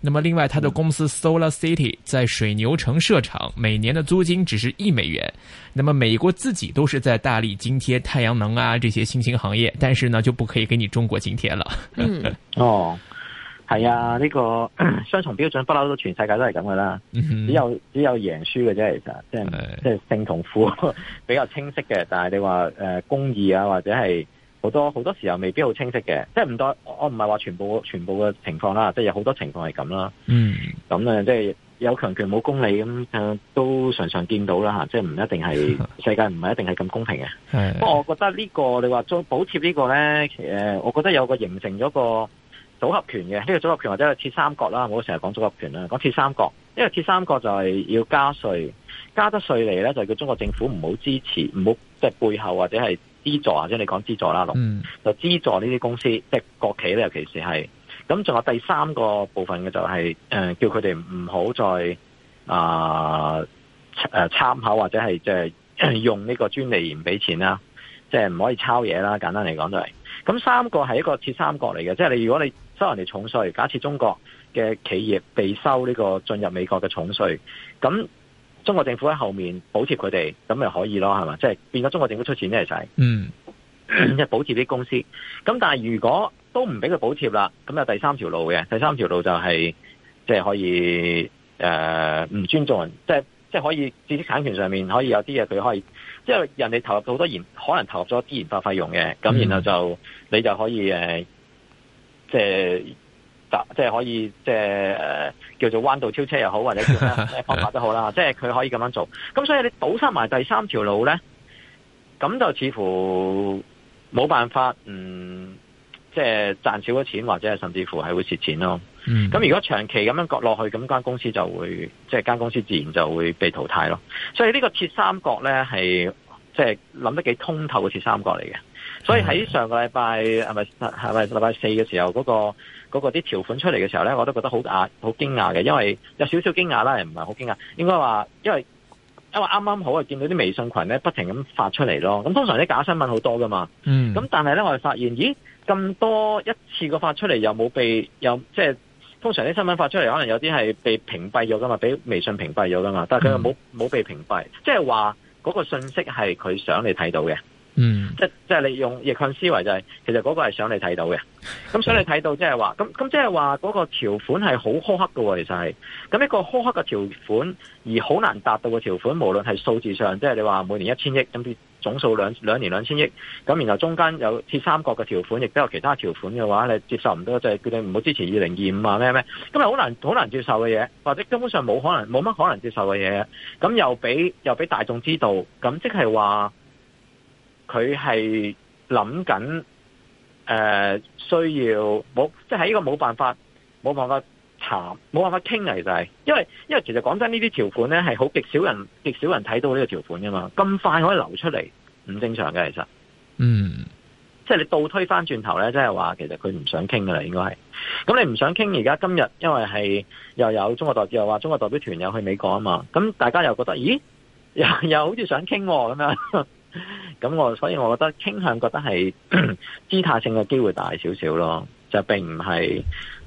那麼另外，他的公司 Solar City 在水牛城設廠，每年的租金只是一美元。那麼美國自己都是在大力津貼太陽能啊，這些新興行業，但是呢就不可以給你中國津貼了。嗯、哦，係啊，呢、這個雙重標準不嬲都全世界都係咁噶啦、嗯哼只，只有只有贏輸嘅啫，其實即係即係勝同負的比較清晰嘅，但係你話誒、呃、公義啊或者係。好多好多時候未必好清晰嘅，即係唔代我唔係話全部全部嘅情況啦，即係有好多情況係咁啦。嗯，咁啊，即係有強權冇公理咁、嗯，都常常見到啦吓，即係唔一定係世界唔係一定係咁公平嘅。係的，不過我覺得呢個你話做補貼呢個咧，我覺得有個形成咗個組合權嘅，呢個組合權或者係鐵三角啦，我成日講組合權啦，講鐵三角。因為鐵三角就係要加稅，加得稅嚟咧就叫中國政府唔好支持，唔好即係背後或者係。資助或者你講資助啦，嗯，就資助呢啲公司，即係國企咧，尤其是係咁。仲有第三個部分嘅就係誒，叫佢哋唔好再啊誒參考或者係即係用呢個專利唔俾錢啦，即係唔可以抄嘢啦。簡單嚟講都係咁，三個係一個切三角嚟嘅，即係你如果你收人哋重稅，假設中國嘅企業被收呢個進入美國嘅重稅，咁。中國政府喺後面補貼佢哋，咁咪可以咯，係嘛？即係變咗中國政府出錢呢，係就係，嗯，即係補貼啲公司。咁但係如果都唔俾佢補貼啦，咁有第三條路嘅。第三條路就係，即係可以誒，唔、呃、尊重人，即係即係可以知識產權上面可以有啲嘢佢可以，即係人哋投入好多研，可能投入咗啲研發費用嘅。咁然後就你就可以誒、呃，即係。即係可以，即係叫做彎道超車又好，或者叫咩方法都好啦。 即係佢可以咁樣做，咁所以你堵塞埋第三條路咧，咁就似乎冇辦法，嗯，即係賺少咗錢，或者係甚至乎係會蝕錢咯。咁、嗯、如果長期咁樣割落去，咁間公司就會，即係間公司自然就會被淘汰咯。所以呢個鐵三角咧，係即係諗得幾通透嘅鐵三角嚟嘅。所以喺上個禮拜係咪係咪禮拜四嘅時候嗰、嗰個？嗰啲條款出嚟嘅時候咧，我都覺得好好驚訝嘅，因為有少少驚訝啦，唔係好驚訝，應該話因為因為啱啱好啊，見到啲微信群咧不停咁發出嚟咯。咁通常啲假新聞好多噶嘛，咁、嗯、但係咧我哋發現，咦咁多一次個發出嚟又冇被又即係、就是、通常啲新聞發出嚟，可能有啲係被屏蔽咗噶嘛，俾微信屏蔽咗噶嘛，但係佢又冇冇、嗯、被屏蔽，即係話嗰個信息係佢想你睇到嘅。嗯即，即即係利用逆向思維，就係其實嗰個係想你睇到嘅。咁想你睇到，即係話，咁咁即係話嗰個條款係好苛刻嘅。其實係咁、 啊、一個苛刻嘅條款，而好難達到嘅條款，無論係數字上，即係你話每年一千億，咁總數兩兩年兩千億，咁然後中間有鐵三角嘅條款，亦都有其他條款嘅話，你接受唔到就係、是、叫你唔好支持二零二五啊咩咩。咁係好難好難接受嘅嘢，或者根本上冇可能冇乜可能接受嘅嘢。咁又俾又俾大眾知道，咁即係話。佢係諗緊，誒、呃，需要冇，即係呢個冇辦法，冇辦法談，冇辦法傾嘅就係，因為因為其實講真，呢啲條款咧係好極少人，極少人睇到呢個條款噶嘛，咁快可以流出嚟，唔正常嘅其實，嗯，即係你倒推翻轉頭咧，即係話其實佢唔想傾噶啦，應該係，咁你唔想傾，而家今日因為係又有中國代表，又話中國代表團又去美國啊嘛，咁大家又覺得，咦，又又好似想傾咁、啊、樣。 咁我所以我覺得傾向覺得係 姿態性嘅機會大少少咯，就並唔係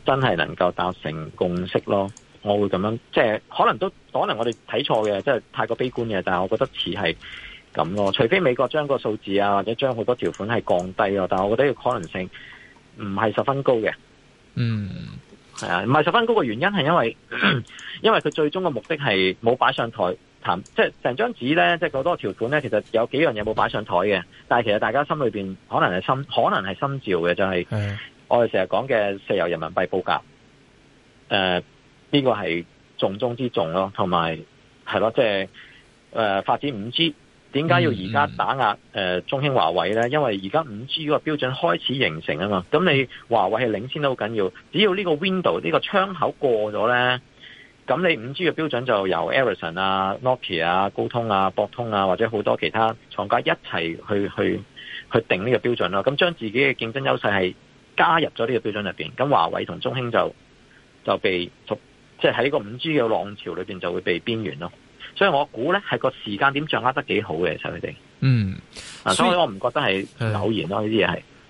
真係能夠達成共識咯。我會咁樣，即係可能都可能我哋睇錯嘅，即係太過悲觀嘅。但係我覺得似係咁咯，除非美國將個數字啊或者將好多條款係降低咯，但係我覺得呢個可能性唔係十分高嘅。嗯、mm.，係啊，唔係十分高嘅原因係因為 因為佢最終嘅目的係冇擺上台。即係成張紙咧，即係好多條款咧。其實有幾樣嘢冇擺上台嘅，但係其實大家心裏邊可能係心，可能係心照嘅，就係、是、我哋成日講嘅石油人民幣報價。誒、呃、呢、這個係重中之重咯，同埋係咯，即係誒發展五 G，點解要而家打壓誒、呃、中興華為咧？因為而家五 G 嗰個標準開始形成啊嘛。咁你華為係領先都好緊要，只要呢個 window 呢個窗口過咗咧。咁你五 G 嘅標準就由 Ericsson 啊、Nokia 啊、高通啊、博通啊，或者好多其他廠家一齊去去去定呢個標準咯。咁將自己嘅競爭優勢係加入咗呢個標準入面，咁華為同中興就就被即係喺個五 G 嘅浪潮裏面就會被邊緣咯。所以我估咧係個時間點掌握得幾好嘅，其實佢哋。嗯，啊、所以我唔覺得係偶然咯，呢啲嘢係。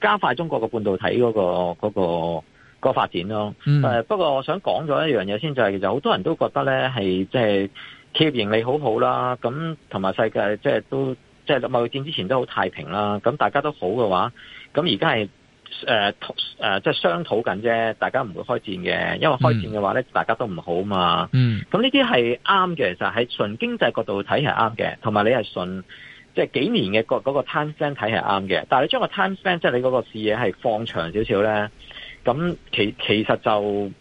加快中國個半導體嗰、那個嗰、那個、那個發展咯、嗯啊，不過我想講咗一樣嘢先、就是，就係其實好多人都覺得咧係即係企業盈利好好啦，咁同埋世界即係都即係貿易戰之前都好太平啦，咁大家都好嘅話，咁而家係即係商討緊啫，大家唔會開戰嘅，因為開戰嘅話咧、嗯、大家都唔好嘛。嗯，咁呢啲係啱嘅，就係、是、純經濟角度睇係啱嘅，同埋你係純。即係幾年嘅嗰個 time span 睇係啱嘅，但係你將個 time span 即係你嗰個視野係放長少少咧，咁其其實就唔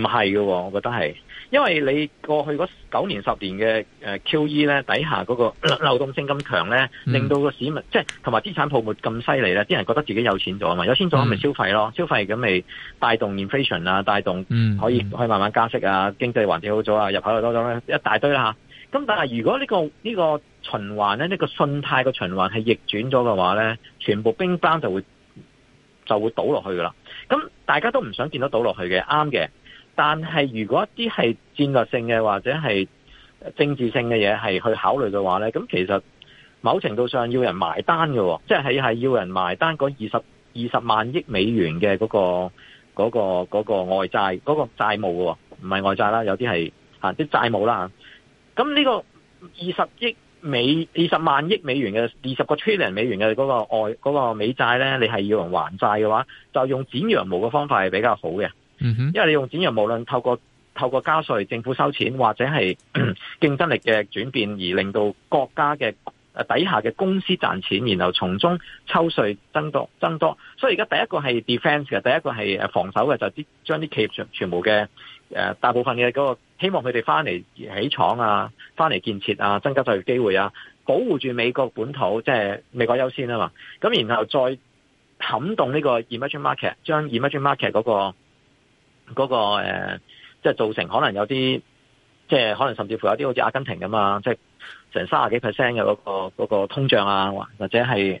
係嘅，我覺得係，因為你過去嗰九年十年嘅 QE 咧底下嗰個流動性咁強咧，令到個市民即係同埋資產泡沫咁犀利咧，啲人覺得自己有錢咗啊嘛，有錢咗咪消費咯，嗯、消費咁咪帶動 inflation 啊，帶動可以可以慢慢加息啊，經濟環境好咗啊，入口又多咗咧，一大堆啦、吓。咁但係如果呢個呢個循環咧，呢個信貸嘅循環係逆轉咗嘅話咧，全部冰崩就會就會倒落去噶啦。咁大家都唔想見到倒落去嘅，啱嘅。但係如果一啲係戰略性嘅或者係政治性嘅嘢係去考慮嘅話咧，咁其實某程度上要人埋單嘅、哦，即係係要人埋單嗰二十二十萬億美元嘅嗰個嗰個嗰個外債嗰個債務嘅、哦，唔係外債啦，有啲係吓啲債務啦。咁呢個二十億美二十萬億美元嘅，二十個 trillion 美元嘅嗰個外嗰個美債呢，你係要人還債嘅話，就用剪羊毛嘅方法係比較好嘅。嗯哼，因為你用剪羊毛，無論透過透過加稅、政府收錢，或者係競爭力嘅轉變而令到國家嘅底下嘅公司賺錢，然後從中抽稅增多增多。所以而家第一個係 defense 嘅，第一個係防守嘅，就啲將啲企業全全部嘅大部分嘅嗰個。希望佢哋翻嚟起廠啊，翻嚟建設啊，增加就業機會啊，保護住美國本土，即係美國優先啊嘛。咁然後再撼動呢個 emerging market，將 emerging market 嗰個嗰個誒，即係造成可能有啲，即係可能甚至乎有啲好似阿根廷咁啊，即係成三十幾 percent 嘅嗰個嗰個通脹啊，或者係誒。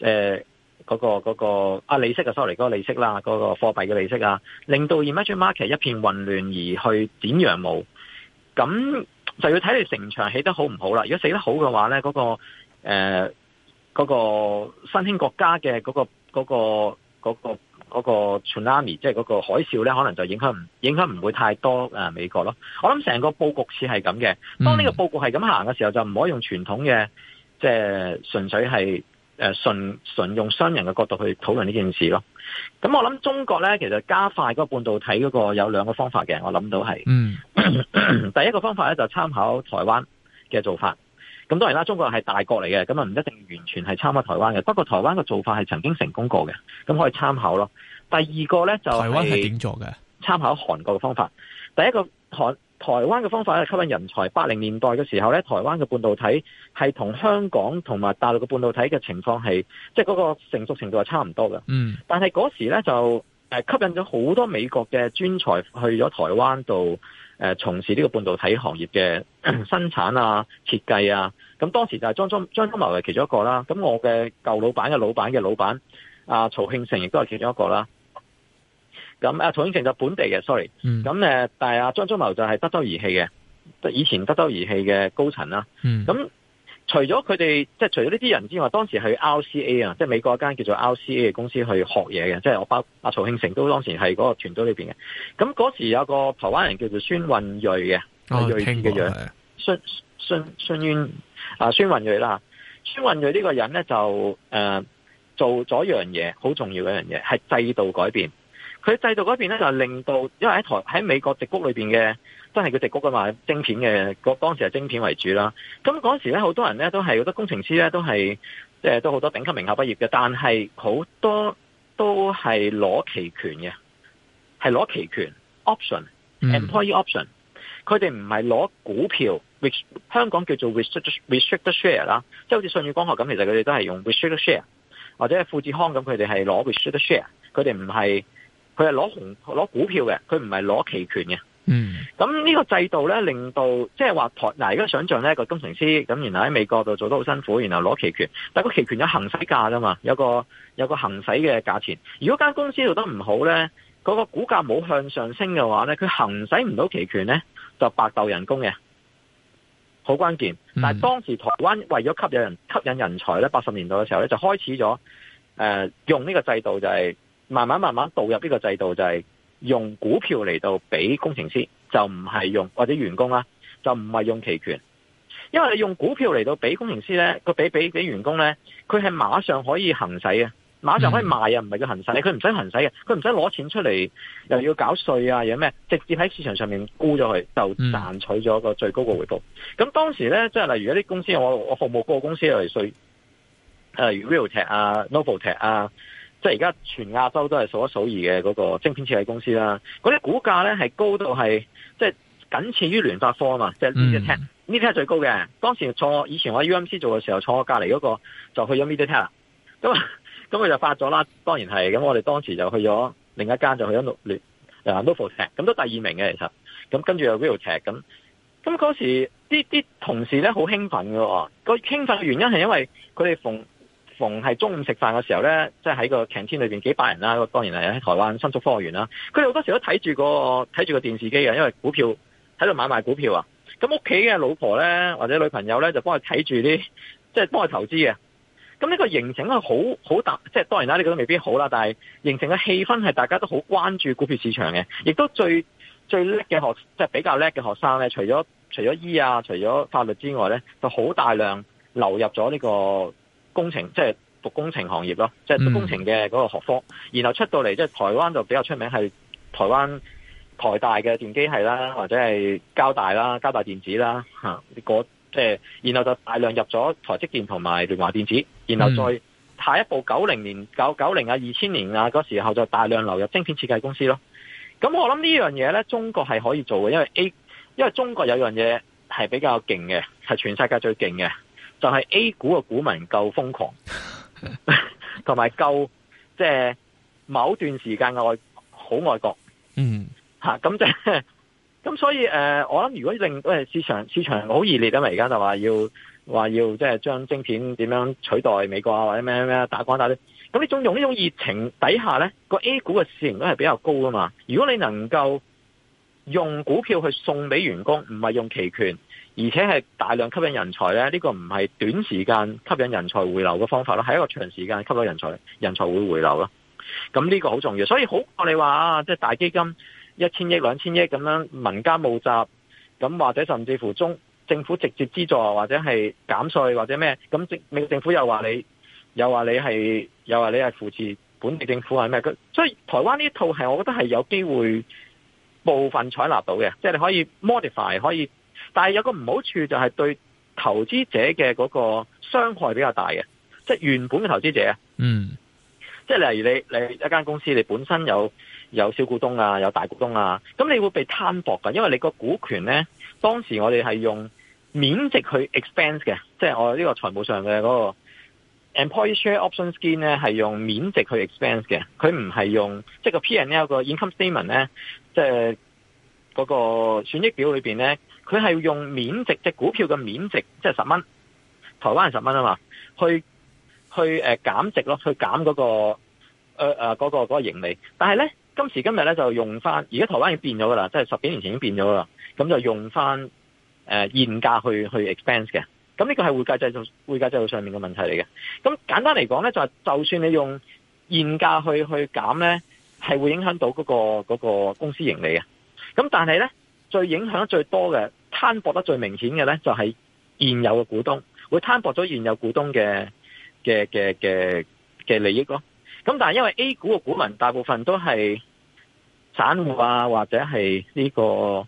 呃嗰、那個嗰、那個啊利息啊 sorry 嗰個利息啦，嗰、那個貨幣嘅利息啊，令到 emerging market 一片混亂而去剪羊毛。咁就要睇你城牆起得好唔好啦。如果起得好嘅話咧，嗰、那個誒嗰、呃那個新興國家嘅嗰、那個嗰、那個嗰、那個嗰、那個 tsunami，即係嗰個海嘯咧，可能就影響影響唔會太多、呃、美國咯。我諗成個佈局似係咁嘅，當呢個佈局係咁行嘅時候，嗯、就唔可以用傳統嘅，即、就、係、是、純粹係。誒、呃、純，純用商人嘅角度去討論呢件事咯。咁我諗中國咧，其實加快嗰個半導體嗰個有兩個方法嘅，我諗到係、嗯 第一個方法咧就是、參考台灣嘅做法。咁當然啦，中國係大國嚟嘅，咁啊唔一定完全係參考台灣嘅。不過台灣嘅做法係曾經成功過嘅，咁可以參考咯。第二個咧就台灣係點做嘅？參考韓國嘅方法。第一個韓。台灣嘅方法咧，吸引人才。八零年代嘅時候咧，台灣嘅半導體係同香港同埋大陸嘅半導體嘅情況係，即係嗰個成熟程度係差唔多嘅。嗯。Mm. 但係嗰時咧就誒吸引咗好多美國嘅專才去咗台灣度誒從事呢個半導體行業嘅生產啊設計啊。咁當時就係張忠張忠謀係其中一個啦。咁我嘅舊老闆嘅老闆嘅老闆阿、啊、曹慶成亦都係其中一個啦。咁阿、啊、曹慶成就本地嘅，sorry。咁誒、嗯，但係阿張忠謀就係德州儀器嘅，以前德州儀器嘅高層啦。咁、嗯、除咗佢哋，即係除咗呢啲人之外，當時去 RCA 啊，即係美國一間叫做 RCA 嘅公司去學嘢嘅，即係我包阿曹慶成都當時係嗰個團隊裏邊嘅。咁嗰時有個台灣人叫做孫運睿嘅，聽過孫孫孫運啊，孫運睿啦。孫運睿呢個人咧就誒、呃、做咗一樣嘢，好重要嘅一樣嘢，係制度改變。佢制度嗰邊咧就令到，因為喺台喺美國直谷裏邊嘅都係佢直谷嘅嘛，晶片嘅嗰當時係晶片為主啦。咁嗰時咧，好多人咧都係好多工程師咧都係，即係都好多頂級名校畢業嘅，但係好多都係攞期權嘅，係攞期權 option，employee option、嗯。佢哋唔係攞股票，香港叫做 restricted rest share 啦，即係好似舜宇光學咁，其實佢哋都係用 restricted share，或者係富士康咁，佢哋係攞 restricted share，佢哋唔係。佢係攞紅攞股票嘅，佢唔係攞期權嘅。嗯，咁呢個制度咧，令到即係話台嗱，而家想象咧個工程師咁，然後喺美國度做得好辛苦，然後攞期權，但係個期權有行使價噶嘛，有個有個行使嘅價錢。如果間公司做得唔好咧，嗰個股價冇向上升嘅話咧，佢行使唔到期權咧，就白斗人工嘅，好關鍵。嗯，但係當時台灣為咗吸引人吸引人才咧，八十年代嘅時候咧，就開始咗誒用呢個制度就係。慢慢慢慢導入呢個制度，就係用股票嚟到俾工程師，就唔係用或者員工啦、啊，就唔係用期權。因為你用股票嚟到俾工程師咧，佢俾俾俾員工咧，佢係馬上可以行使嘅，馬上可以賣啊，唔係叫行使，佢唔使行使嘅，佢唔使攞錢出嚟，又要搞稅啊嘢咩，直接喺市場上面沽咗佢，就賺取咗個最高嘅回報。咁當時咧，即係例如一啲公司，我我服務過公司嚟，所以如 RealTech 啊，NovoTech 啊。No 即係而家全亞洲都係數一數二嘅嗰個晶片設計公司啦，嗰啲股價咧係高到係即係僅次於聯發科啊嘛，即係 MediaTek，MediaTek 最高嘅。當時坐，以前我喺 UMC 做嘅時候坐我隔離嗰個就去咗 MediaTek 啦。咁咁佢就發咗啦，當然係咁。咁我哋當時就去咗另一間，就去咗 Novatek 咁都第二名嘅其實。咁跟住又 Realtek 咁。咁嗰時啲啲同事咧好興奮嘅喎，個興奮嘅原因係因為佢哋逢逢係中午食飯嘅時候呢，即係喺個 canteen 裏邊幾百人啦，啊，當然係喺台灣新竹科學園啦，啊。佢哋好多時都睇住個睇住個電視機嘅，因為股票喺度買賣股票啊。咁屋企嘅老婆呢，或者女朋友呢，就幫佢睇住啲，即係幫佢投資嘅。咁呢個形成係好好大，即係當然啦，你覺得未必好啦，但係形成嘅氣氛係大家都好關注股票市場嘅，亦都最最叻嘅學，即係比較叻嘅學生呢，除咗除咗醫啊，除咗法律之外呢，就好大量流入咗呢個，工程，即係讀工程行業咯，即係讀工程嘅嗰個學科，嗯、然後出到嚟，即係台灣就比較出名係台灣台大嘅電機系啦，或者係交大啦，交大電子啦吓、啊，即係然後就大量入咗台積電同埋聯華電子，然後再下一步九零年九九零啊二千年啊嗰時候就大量流入晶片設計公司咯。咁我諗呢樣嘢呢，中國係可以做嘅，因為 A 因為中國有樣嘢係比較勁嘅，係全世界最勁嘅。就係 A 股嘅股民夠瘋狂，同埋夠即係某段時間外好愛國，嗯、啊，吓咁即係咁，所以誒、呃，我諗如果令喂、哎、市場市場好熱烈啊，咪而家就話要話要即係將晶片點樣取代美國啊或者咩咩打光打啲，咁呢種用呢種熱情底下咧，個 A 股嘅市盈率係比較高噶嘛。如果你能夠用股票去送俾員工，唔係用期權。而且係大量吸引人才咧，呢個唔係短時間吸引人才回流嘅方法咯，係一個長時間吸引人才，人才會回流咯。咁呢個好重要，所以好我哋話啊，即係大基金一千億兩千億咁樣，民間募集，咁或者甚至乎中政府直接資助，或者係減稅或者咩，咁政國政府又話你又話你係又話你係扶持本地政府係咩？所以台灣呢套係我覺得係有機會部分採納到嘅，即係你可以 modify 可以。但係有個唔好處就係對投資者嘅嗰個傷害比較大嘅，即係原本嘅投資者啊。嗯，即係例如你你一間公司，你本身有有小股東啊，有大股東啊，咁你會被攤薄㗎，因為你個股權咧，當時我哋係用免值去 expense 嘅，即係我呢個財務上嘅嗰個 employee share option scheme 咧，係用免值去 expense 嘅，佢唔係用即係個 P and L 個 income statement 咧，即係嗰個損益表裏面咧。佢係用面值，即係股票嘅面值，即係十蚊，台灣係十蚊啊嘛，去去誒減值咯，去減嗰、嗰個誒誒、呃嗰個、嗰個盈利。但係咧今時今日咧就用翻，而家台灣已經變咗噶啦，即係十幾年前已經變咗噶啦，咁就用翻誒、呃、現價去去 expense 嘅。咁呢個係會計制度會計制度上面嘅問題嚟嘅。咁簡單嚟講咧就係，就算你用現價去去減咧，係會影響到嗰、嗰個、嗰個公司盈利嘅。咁但係咧最影響最多嘅。攤薄得最明顯嘅咧，就係、是、現有嘅股東會攤薄咗現有股東嘅嘅嘅嘅嘅利益咯。咁但係因為 A 股嘅股民大部分都係散戶啊，或者係呢、這個呢、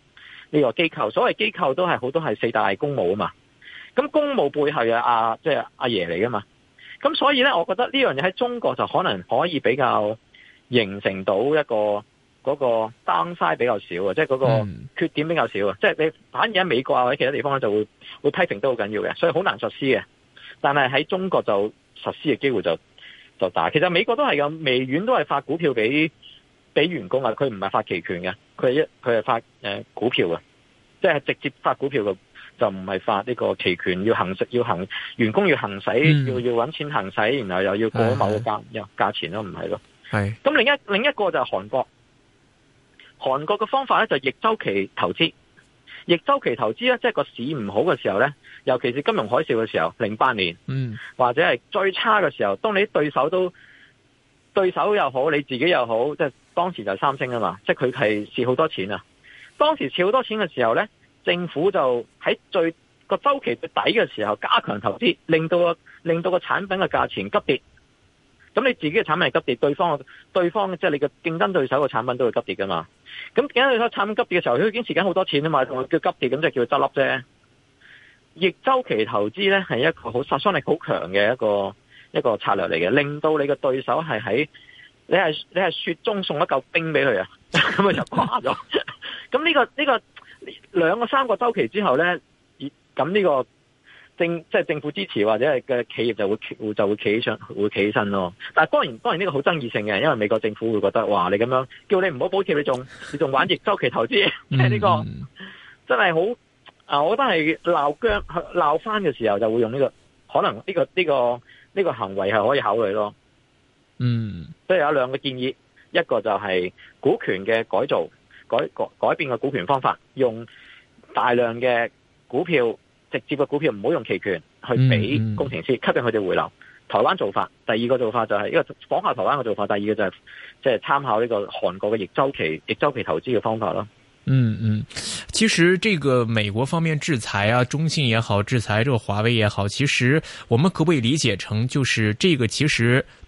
這個機構，所謂機構都係好多係四大公募啊嘛。咁公募背後嘅阿即係阿爺嚟噶嘛。咁所以咧，我覺得呢樣嘢喺中國就可能可以比較形成到一個。嗰個 downside 比較少啊，即係嗰個缺點比較少啊，即係你反而喺美國啊，或者其他地方咧就會會批評都好緊要嘅，所以好難實施嘅。但係喺中國就實施嘅機會就就大。其實美國都係咁，微軟都係發股票俾俾員工啊，佢唔係發期權嘅，佢係一佢係發誒股票嘅，即係直接發股票嘅，就唔係發呢個期權，要行要行員工要行使、嗯、要要搵錢行使，然後又要過某個價的價錢咯，唔係咯。係的。咁另一另一個就係韓國。韓國嘅方法咧就逆周期投資，逆周期投資咧即係個市唔好嘅時候咧，尤其是金融海嘯嘅時候，零八年，或者係最差嘅時候，當你對手都對手又好，你自己又好，即係當時就三星啊嘛，即係佢係蝕好多錢啊。當時蝕好多錢嘅時候咧，政府就喺最個周期最底嘅時候加強投資，令到個令到個產品嘅價錢急跌。咁你自己嘅產品係急跌，對方嘅對方即係、就是、你嘅競爭對手嘅產品都會急跌噶嘛。咁競爭對手產品急跌嘅時候，佢已經蝕緊好多錢啊嘛。佢叫急跌，咁即係叫執笠啫。逆周期投資咧係一個好殺傷力好強嘅一個一個策略嚟嘅，令到你嘅對手係喺你係你雪中送一嚿冰俾佢啊，咁佢就瓜咗。咁、這、呢個呢個兩個三個週期之後咧，咁呢、這個。政即係政府支持或者係嘅企業就會就會企起上會企起身咯，但係當然當然呢個好爭議性嘅，因為美國政府會覺得哇，你咁樣叫你唔好補貼你仲你仲玩逆周期投資，係呢、嗯這個真係好啊！我覺得係鬧僵鬧翻嘅時候就會用呢、這個，可能呢、這個呢、這個呢、這個行為係可以考慮咯。嗯，即係有兩個建議，一個就係股權嘅改造改改改變嘅股權方法，用大量嘅股票。直接嘅股票唔好用期權去俾工程師，吸引佢哋回流。嗯、台灣做法，第二個做法就係、是、呢個講下台灣嘅做法，第二個就係即係參考呢個韓國嘅逆周期逆週期投資嘅方法咯。嗯嗯，其實，呢個美國方面制裁啊，中興也好，制裁呢個華為也好，其實，我們可唔可以理解成就是呢個其實。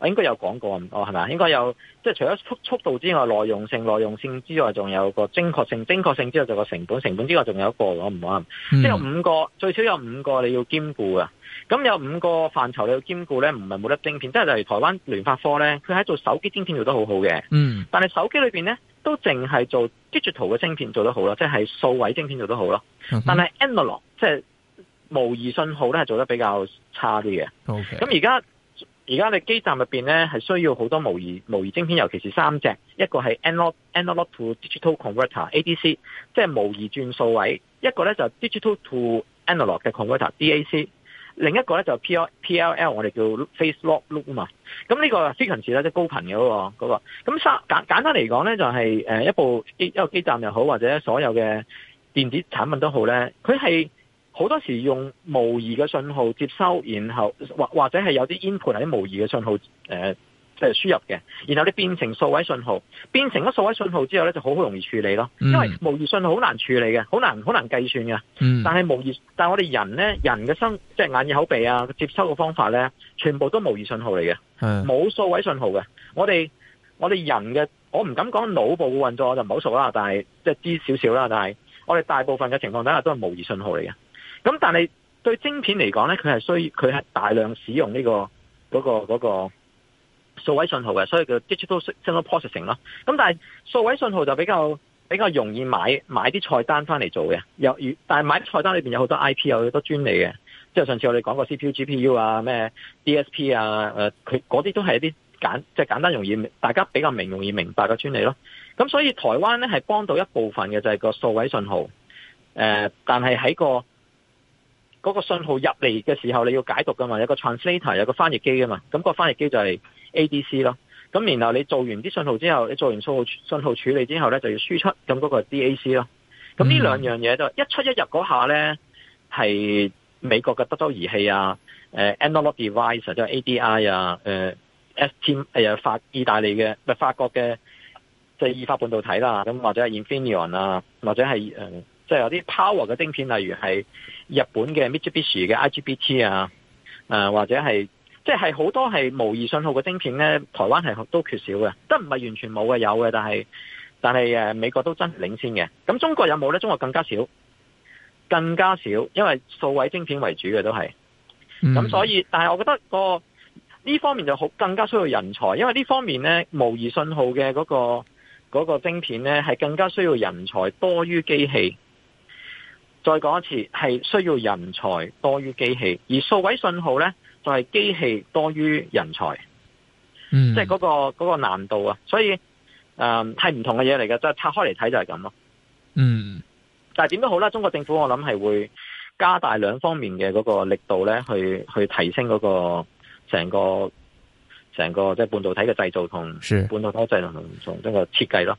我應該有講過，咁多係咪應該有，即係除咗速速度之外，內容性、內容性之外，仲有個精確性、精確性之後就個成本、成本之外，仲有一個，我唔好啊，嗯、即係有五個最少有五個你要兼顧啊。咁有五個範疇你要兼顧咧，唔係冇得晶片，即係例如台灣聯發科咧，佢喺做手機晶片做得好好嘅，嗯，但係手機裏面咧都淨係做 digital 嘅晶片做得好咯，即係數位晶片做得好咯，嗯、但係 analog、嗯、即係模擬信號咧係做得比較差啲嘅。O K，咁而家。而家你基站入邊咧，係需要好多模擬模擬晶片，尤其是三隻，一個係 analog to digital converter (ADC)，即係模擬轉數位；一個咧就 digital to analog 嘅 converter (DAC)，另一個咧就 PLL，我哋叫 phase lock loop 啊嘛。咁呢個 frequency 咧，即係高頻嘅個嗰個。咁、那、三、個、簡，簡單嚟講咧，就係一部機一個基站又好，或者所有嘅電子產品都好咧，佢係。好多時用模擬嘅信號接收，然後或或者係有啲 input，係啲模擬嘅信號誒，即、呃、係輸入嘅。然後你變成數位信號，變成咗數位信號之後咧，就好好容易處理咯。因為模擬信號好難處理嘅，好難好難計算嘅。但係模擬，但係我哋人咧，人嘅身即係眼耳口鼻啊，接收嘅方法咧，全部都模擬信號嚟嘅，冇的數位信號嘅。我哋我哋人嘅，我唔敢講腦部嘅運作，我就唔好熟啦。但係即係知少少啦。但係我哋大部分嘅情況底下都係模擬信號嚟嘅。咁但係對晶片嚟講咧，佢係需佢係大量使用呢、這個嗰、那個嗰、那個數位信號嘅，所以叫 digital signal processing 咯。咁但係數位信號就比較比較容易買買啲菜單翻嚟做嘅，又但係買啲菜單裏邊有好多 I P，有好多專利嘅。即係上次我哋講過 C P U、G P U 啊，咩 D S P 啊，誒，佢嗰啲都係一啲簡即係簡單容易，大家比較明容易明白嘅專利咯。咁所以台灣咧係幫到一部分嘅就係、是、個數位信號，誒，但係喺個。嗰個信號入嚟嘅時候，你要解讀噶嘛？有個 translator，有個翻譯機噶嘛？咁個翻譯機就係 ADC 咯。咁然後你做完啲信號之後，你做完數信號處理之後咧，就要輸出。咁嗰個 DAC 咯。咁呢兩樣嘢就、嗯、一出一入嗰下咧，係美國嘅德州儀器啊、呃、，Analog Devices 就 ADI 啊、呃、，ST 誒、呃、法意大利嘅，唔係法國嘅，即係意法半導體啦。咁或者係 Infineon 啊，或者係即係有啲 power 嘅晶片，例如係日本嘅 Mitsubishi 嘅 IGBT 啊，誒、呃、或者係即係好多係模擬信號嘅晶片咧，台灣係都缺少嘅，都唔係完全冇嘅，有嘅，但係但係誒美國都真係領先嘅。咁中國有冇咧？中國更加少，更加少，因為數位晶片為主嘅都係。咁、嗯、所以，但係我覺得、嗰個呢方面，就好更加需要人才，因為呢方面咧模擬信號嘅嗰、嗰個嗰、嗰個晶片咧係更加需要人才多於機器。再講一次，係需要人才多於機器，而數位信號呢，就係、是、機器多於人才。嗯，即係嗰個嗰、嗰個難度啊，所以誒係唔同嘅嘢嚟嘅，即係拆開嚟睇就係咁咯。嗯，但係點都好啦，中國政府我諗係會加大兩方面嘅嗰個力度呢，去去提升嗰個成個成個即係半導體嘅製造同是半導體製造同即係個設計咯。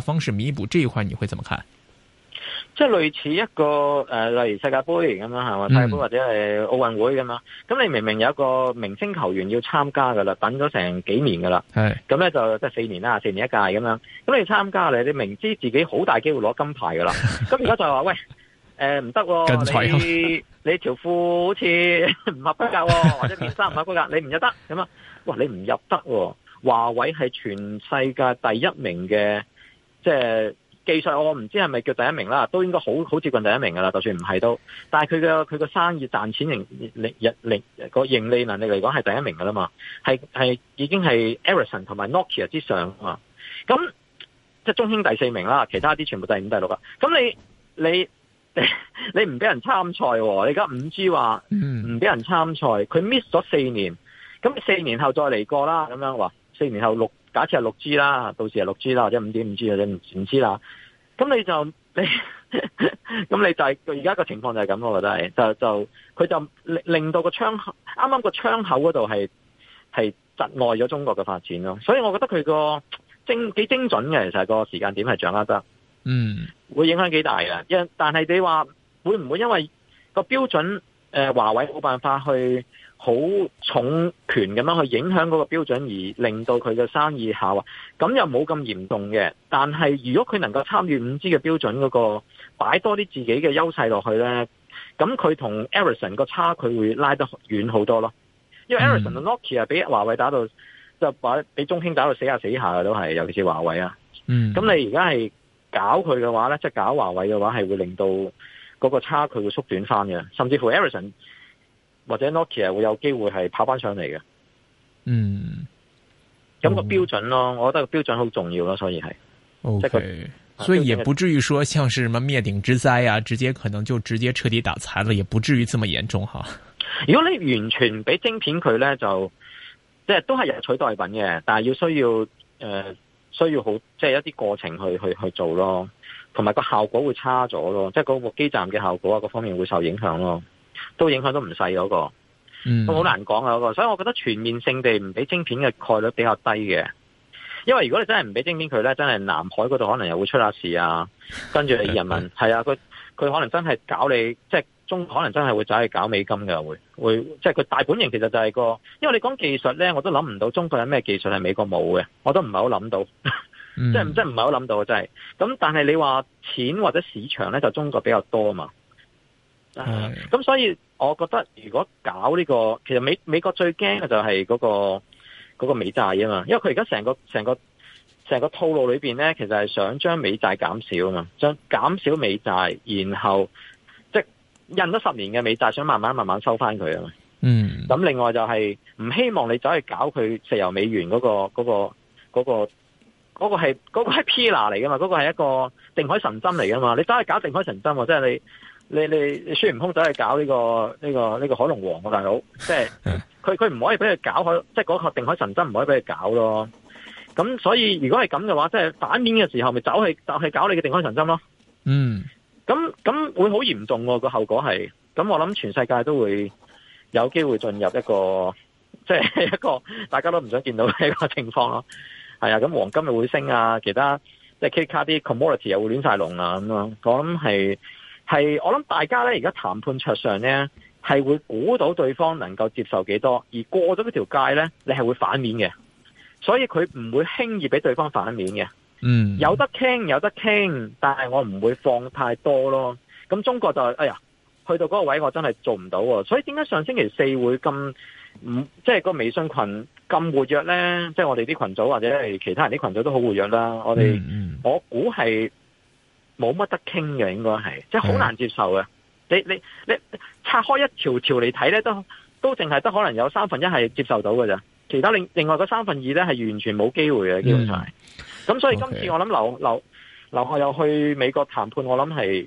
方式彌補這一塊你會怎麼看？即係類似一個誒、呃，例如世界杯咁樣，係嘛？世界杯或者係奧運會咁樣。咁、嗯、你明明有一個明星球員要參加噶啦，等咗成幾年噶啦。係咁咧，就即係四年啦，四年一屆咁樣。咁你參加咧，你明知自己好大機會攞金牌噶啦。咁而家就係話，喂，誒、呃，唔得，你你條褲好似唔合格，或者件衫唔合格，你唔入得咁啊？哇，你唔入得、哦？華為係全世界第一名嘅。即係技術，我唔知係咪叫第一名啦，都應該好好接近第一名噶啦。就算唔係都，但係佢嘅佢個生意賺錢盈盈盈盈個盈利能力嚟講係第一名噶啦嘛，係係已經係 Ericsson 同埋 Nokia 之上啊。咁即係中興第四名啦，其他啲全部第五、第六啦。咁你你你唔俾人參賽喎？你而家五 G 話唔俾人參賽，佢 miss 咗四年，咁四年後再嚟過啦，咁樣話四年後六。假設係六 G 啦，到時係六 G 啦，或者五點五 G 或者唔唔知啦。咁你就你，咁 你就而家個情況就係咁，我覺得係就是、就佢就,就令令到個窗口啱啱個窗口嗰度係係窒礙咗中國嘅發展咯。所以我覺得佢、個精幾精準嘅，其實個時間點係掌握得，嗯，會影響幾大嘅。因但係你話會唔會因為個標準誒，呃、華為冇辦法去？好重權咁樣去影響嗰個標準，而令到佢嘅生意下滑，咁又冇咁嚴重嘅。但係如果佢能夠參與五 G 嘅標準嗰、嗰個擺多啲自己嘅優勢落去呢，咁佢同 Ericsson 個差距會拉得遠好多囉。因為 Ericsson 同 Nokia 啊，俾華為打到就把俾中興打到死下死下嘅都係，尤其是華為啊。嗯、mm.，咁你而家係搞佢嘅話呢，即係搞華為嘅話係會令到嗰個差距會縮短返嘅，甚至乎 Ericsson 或者 Nokia、ok、會有機會係跑翻上嚟嘅，嗯，咁個標準咯，嗯、我覺得個標準好重要咯，所以係，O K，所以也不至於說像是什麼滅頂之災啊，直接可能就直接徹底打殘了，也不至於這麼嚴重哈。 如果你完全俾晶片佢呢，就即係都係取代品嘅，但係要需要、呃、需要好即係一啲過程去去去做咯，同埋個效果會差咗咯，即係嗰個基站嘅效果啊，各方面會受影響咯。都影響都唔細嗰個，我好、嗯、難講啊嗰個，所以我覺得全面性地唔俾晶片嘅概率比較低嘅，因為如果你真係唔俾晶片佢咧，真係南海嗰度可能又會出下事啊，跟住你人民係 啊，佢佢可能真係搞你，即係中可能真係會走去搞美金嘅會，會即係佢大本營其實就係個，因為你講技術咧，我都諗唔到中國有咩技術係美國冇嘅，我都唔係好諗到，即係即係唔係好諗到真係，咁但係你話錢或者市場咧就中國比較多嘛。咁是、啊、所以我覺得如果搞呢、這個，其實美美國最驚嘅就係嗰、那個、那個美債啊嘛，因為佢而家成個成個成個套路裏邊咧，其實係想將美債減少啊嘛，想減少美債，然後即印咗十年嘅美債，想慢慢慢慢收翻佢啊嘛。嗯。咁另外就係唔希望你走去搞佢石油美元嗰、那個嗰、那個嗰、那個、那個係、那個係 Pillar 嚟噶嘛，嗰、那個係一個定海神針嚟噶嘛，你走去搞定海神針，即係你。你你你孫悟空走去搞呢個呢個呢個海龍王個大佬，即係佢佢唔可以俾佢搞海，即係嗰個定海神針唔可以俾佢搞咯。咁所以如果係咁嘅話，即係反面嘅時候，咪走去走去搞你嘅定海神針咯。嗯，咁咁會好嚴重個後果係，咁我諗全世界都會有機會進入一個即係一個大家都唔想見到嘅一個情況咯。係啊，咁黃金會升啊，其他即係 K 卡啲 commodity 又會亂晒龍啊咁咯。我諗係。係我諗大家咧，而家談判桌上咧，係會估到對方能夠接受幾多，而過咗呢條界咧，你係會反面嘅，所以佢唔會輕易俾對方反面嘅。嗯，有得傾有得傾，但係我唔會放太多咯。咁中國就哎呀，去到嗰個位我真係做唔到，所以點解上星期四會咁唔即係個微信群咁活躍咧？即係我哋啲群組或者係其他人啲群組都好活躍啦。我哋，嗯嗯，我估係。冇乜得傾嘅，應該係即係好難接受嘅、嗯。你你你拆開一條條嚟睇咧，都都淨係得可能有三分一係接受到嘅咋，其他另另外嗰三分二咧係完全冇機會嘅，基本上係。咁、嗯、所以今次 okay. 我諗劉劉劉鶴又去美國談判，我諗係。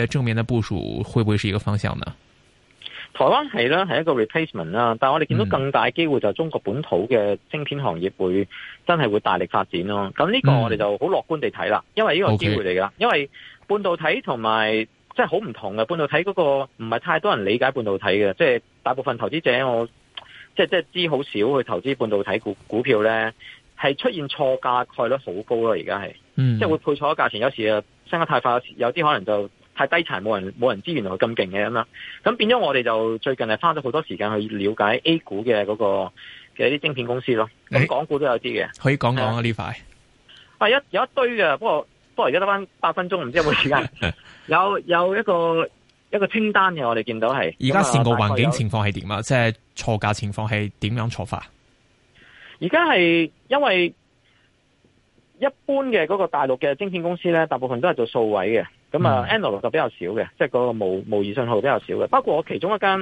正面嘅部署會唔會是一個方向呢？台灣係啦，係一個 replacement 啦，但係我哋見到更大機會就係中國本土嘅芯片行業會真係會大力發展咯。咁呢個我哋就好樂觀地睇啦，嗯、因為呢個機會嚟噶啦。okay 因為半導體和很不同埋即係好唔同嘅半導體嗰個唔係太多人理解半導體嘅，即、就、係、是、大部分投資者我即係即係知好少去投資半導體股股票咧，係出現錯價概率好高咯。而家係，嗯、即係會配錯價錢，有時啊，升得太快，有時有啲可能就。太低殘，冇人冇人知原來佢咁勁嘅咁啦，咁變咗我哋就最近係花咗好多時間去了解 A 股嘅嗰個嘅一啲晶片公司咯，咁港股都有啲嘅，可以講講啊呢塊，啊有的有一堆嘅，不過不過而家得翻八分鐘，唔知 有冇時間？有有一個一個清單嘅，我哋見到係而家整個環境情況係點啊？即係錯價情況係點樣錯法？而家係因為一般嘅嗰個大陸嘅晶片公司咧，大部分都係做數位嘅。咁啊，anal 就比較少嘅，即係個個模模擬信號比較少嘅。不過我其中一間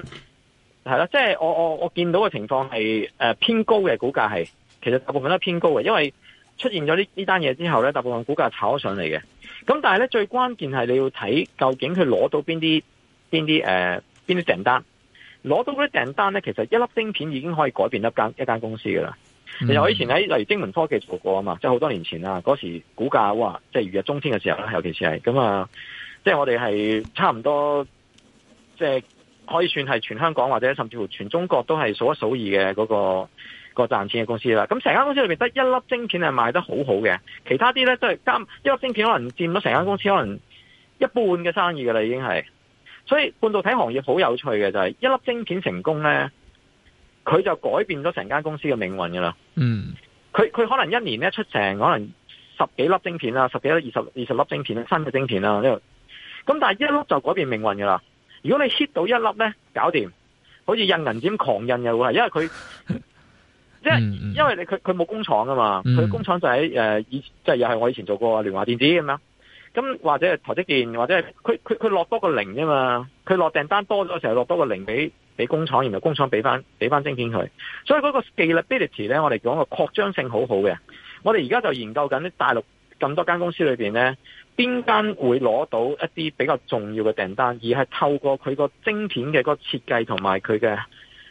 係啦，即係、就是、我我我見到嘅情況係誒偏高嘅股價係，其實大部分都偏高嘅，因為出現咗呢呢單嘢之後咧，大部分股價炒咗上嚟嘅。咁但係咧最關鍵係你要睇究竟佢攞到邊啲邊啲誒邊啲訂單，攞到嗰啲訂單咧，其實一粒晶片已經可以改變一間一間公司噶啦。嗯、其實我以前喺例如晶門科技做過啊嘛，即係好多年前啊嗰時，股價哇，即係如日中天嘅時候，尤其是係咁啊，即係我哋係差唔多，即係可以算係全香港或者甚至乎全中國都係數一數二嘅，嗰、嗰個、嗰個賺錢嘅公司啦。咁成間公司裏邊得一粒晶片係賣得好好嘅，其他啲咧都係監一粒晶片可能佔到成間公司可能一半嘅生意噶啦，已經係。所以半導體行業好有趣嘅就係、是、一粒晶片成功咧。佢就改變咗成間公司嘅命運噶啦。嗯，佢佢可能一年咧出成可能十幾粒晶片啦，十幾粒二十二十粒晶片，新嘅晶片啦呢度。咁但係一粒就改變命運噶啦。如果你 hit 到一粒咧，搞掂，好似印銀紙狂印又會係，因為佢即係因為你佢佢冇工廠噶嘛，佢、嗯、工廠就喺誒以即係又係我以前做過聯華電子咁樣。咁或者係台積電，或者佢佢佢落多個零啫嘛，佢落訂單多咗，成日落多個零俾俾工廠，然後工廠俾翻俾翻晶片佢，所以嗰個 scalability 咧，我哋講個擴張性好好嘅。我哋而家就研究緊啲大陸咁多間公司裏邊咧，邊間會攞到一啲比較重要嘅訂單，而係透過佢個晶片嘅個設計同埋佢嘅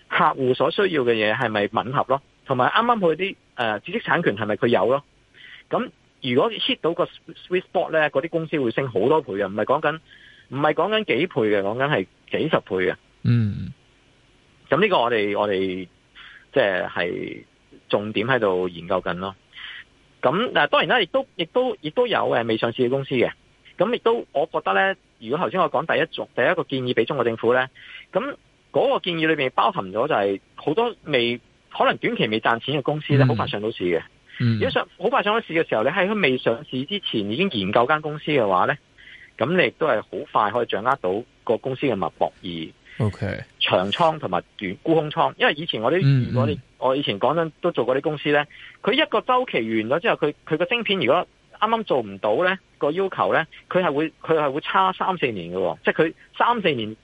客戶所需要嘅嘢係咪吻合咯，同埋啱啱佢啲誒知識產權係咪佢有咯，咁。如果 hit 到個 sweet spot 咧，嗰啲公司會升好多倍㗎。唔係講緊，唔係講緊幾倍嘅，講緊係幾十倍嘅。嗯，咁呢個我哋我哋即係係重點喺度研究緊咯。咁嗱，當然啦，亦都亦都亦都有誒未上市嘅公司嘅。咁亦都，我覺得咧，如果頭先我講第一種第一個建議俾中國政府咧，咁嗰個建議裏面包含咗就係好多未可能短期未賺錢嘅公司咧，好快上到市嘅。嗯嗯嗯、如果上好快上咗市嘅時候，你喺佢未上市之前已經研究間公司嘅話咧，咁你亦都係好快可以掌握到個公司嘅脈搏。而 O K 長倉同埋短沽空倉，因為以前我啲，我啲、嗯嗯、我以前講緊都做過啲公司咧，佢一個周期完咗之後，佢佢個晶片如果啱啱做唔到咧、個要求咧，佢係會佢係會差三四年嘅、哦，即係佢三四年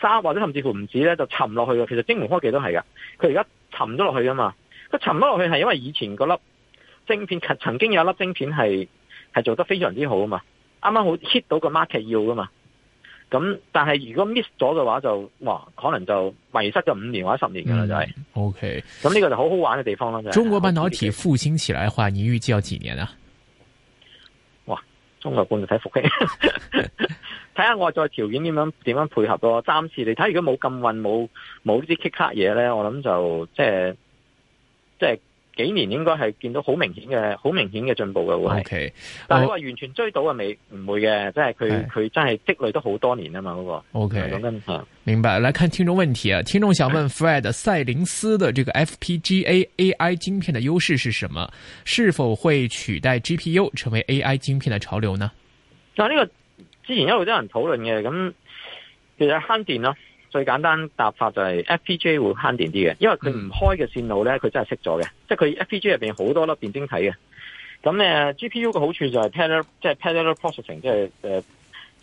三或者甚至乎唔止咧就沉落去㗎。其實精門科技都係噶，佢而家沉咗落去噶嘛，佢沉咗落去係因為以前嗰粒、那個。晶片曾經有一粒晶片係係做得非常之好嘛，啱啱好 hit 到個 market 要噶嘛，咁但係如果 miss 咗嘅話就哇可能就迷失咗五年或者十年噶啦就係、是嗯，OK，咁呢個就好好玩嘅地方咯。中國半導體復興起來嘅話，你預計要幾年啊？哇，中國半導體復興，睇下外在條件點樣點樣配合咯、啊。暫時。你睇，如果冇禁運，冇冇呢啲棘卡嘢咧，我諗就即係即係。幾年應該係見到好明顯嘅，好明顯嘅進步嘅。O Okay , K，uh, 但係我話完全追到嘅未？唔會嘅，即係佢佢真係積累咗好多年啊嘛。嗰個 O K，明白。來看聽眾問題啊，聽眾想問 Fred 賽靈，uh, 斯的這個 FPGA AI 晶片的優勢是什麼？是否會取代 GPU 成為 AI 晶片的潮流呢？但係、這、呢個之前一路都有人討論嘅，咁其實慳電咯、啊。最簡單答法就係 FPGA 會慳電啲嘅，因為佢唔開嘅線路咧，佢真係熄咗嘅，即係佢 FPGA 入面好多粒電晶體嘅。咁咧 GPU 嘅好處就係 parallel，即係 parallel processing，即係誒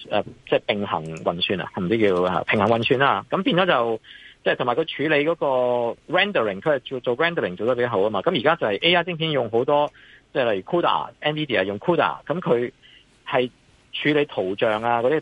誒即係並行運算啊，唔知叫平行運算啦。咁變咗就即係同埋佢處理嗰個 rendering，佢係做做 rendering 做得比較好啊嘛。咁而家就係 AI 晶片用好多，即係例如 CUDA、NVIDIA 用 CUDA，咁佢係處理圖像啊嗰啲。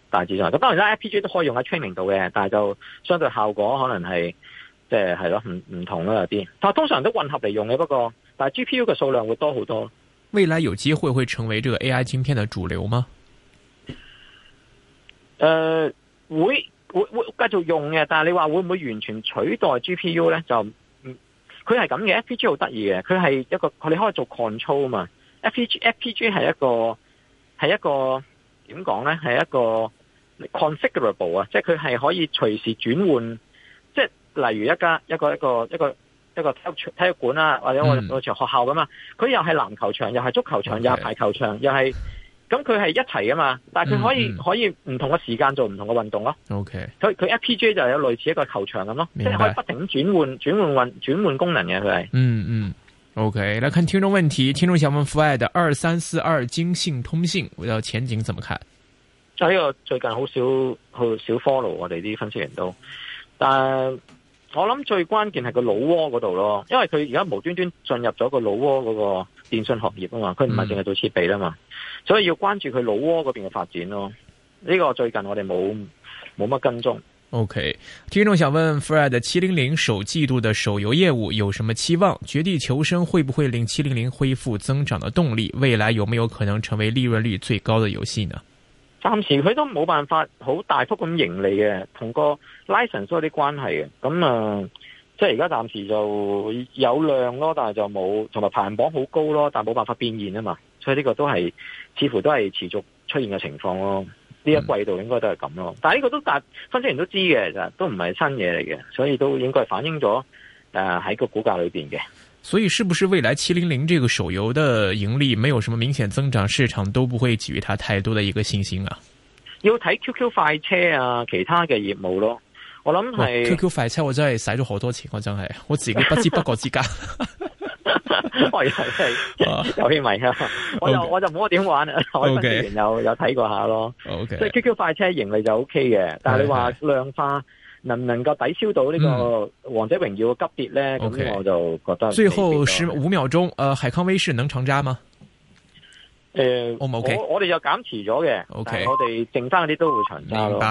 大致上咁，當然啦 FPG 都可以用喺 training 度嘅，但係就相對效果可能係即係係咯，唔、就、唔、是、同咯有啲。但係通常都混合嚟用嘅，不過但係 GPU 嘅數量會多好多。未來有機會會成為這個 AI 晶片嘅主流嗎？誒、呃，會會會繼續用嘅，但係你話會唔會完全取代 GPU 呢？就唔，佢係咁嘅，FPG 好得意嘅，佢係一個，佢哋可以做 control 嘛。FPG FPG 係一個係一個點講呢？係一個。considerable 啊，即係佢係可以隨時轉換，即係例如一家一個一個一個一個體育場體育館啊，或者我我做學校噶嘛，佢、嗯、又係籃球場，又係足球場，Okay. 又係排球場，又係，咁佢係一齊噶嘛，但係佢可以、嗯嗯、可以唔同嘅時間做唔同嘅運動咯。O K，佢佢 A P J 就有類似一個球場咁咯，白即係可以不停轉換轉換運轉換功能嘅佢係。嗯嗯，O K，看聽眾問題，聽眾小妹付愛的二三四二經信通信，我來前景怎麼看？喺呢個最近好少去少 follow 我哋啲分析人都，但我諗最關鍵係個老撾嗰度咯，因為佢而家無端端進入咗個老撾嗰個電信行業啊嘛，佢唔係淨係做設備啦嘛，所以要關注佢老撾嗰邊嘅發展咯。呢個最近我哋冇冇乜跟蹤。OK，聽眾想問 Fred，七零零首季度的手遊業務有什麼期望？絕地求生會不會令七零零恢復增長的動力？未來有沒有可能成為利潤率最高的遊戲呢？暫時佢都冇辦法好大幅咁盈利嘅，同個 license 都有啲關係嘅，咁啊、呃，即係而家暫時就有量咯，但係就冇，同埋排行榜好高咯，但係冇辦法變現啊嘛，所以呢個都係似乎都係持續出現嘅情況咯，呢、mm. 一季度應該都係咁咯，但係呢個都大分析員都知嘅，其實都唔係新嘢嚟嘅，所以都應該係反映咗誒喺個股價裏邊嘅。所以，是不是未來七零零這個手遊的盈利沒有什麼明顯增長，市場都不會給予它太多的一個信心啊？要睇 QQ 快車啊，其他嘅業務咯，我諗係 QQ 快車，我真係使咗好多錢，啊，我真係我自己不知不覺之間，我以前係遊戲迷啊，我就我就冇點玩，我之前有有睇過一下咯，即係 QQ 快車盈利就 OK 嘅，但係你話量化。能唔能夠抵消到呢個《王者榮耀》嘅急跌咧？咁、嗯、我就覺得最後十五秒鐘，誒、呃，海康威視能長揸嗎？誒、呃 oh, okay. 我冇 O 我哋就減持咗嘅，Okay. 但係我哋剩翻啲都會長揸咯。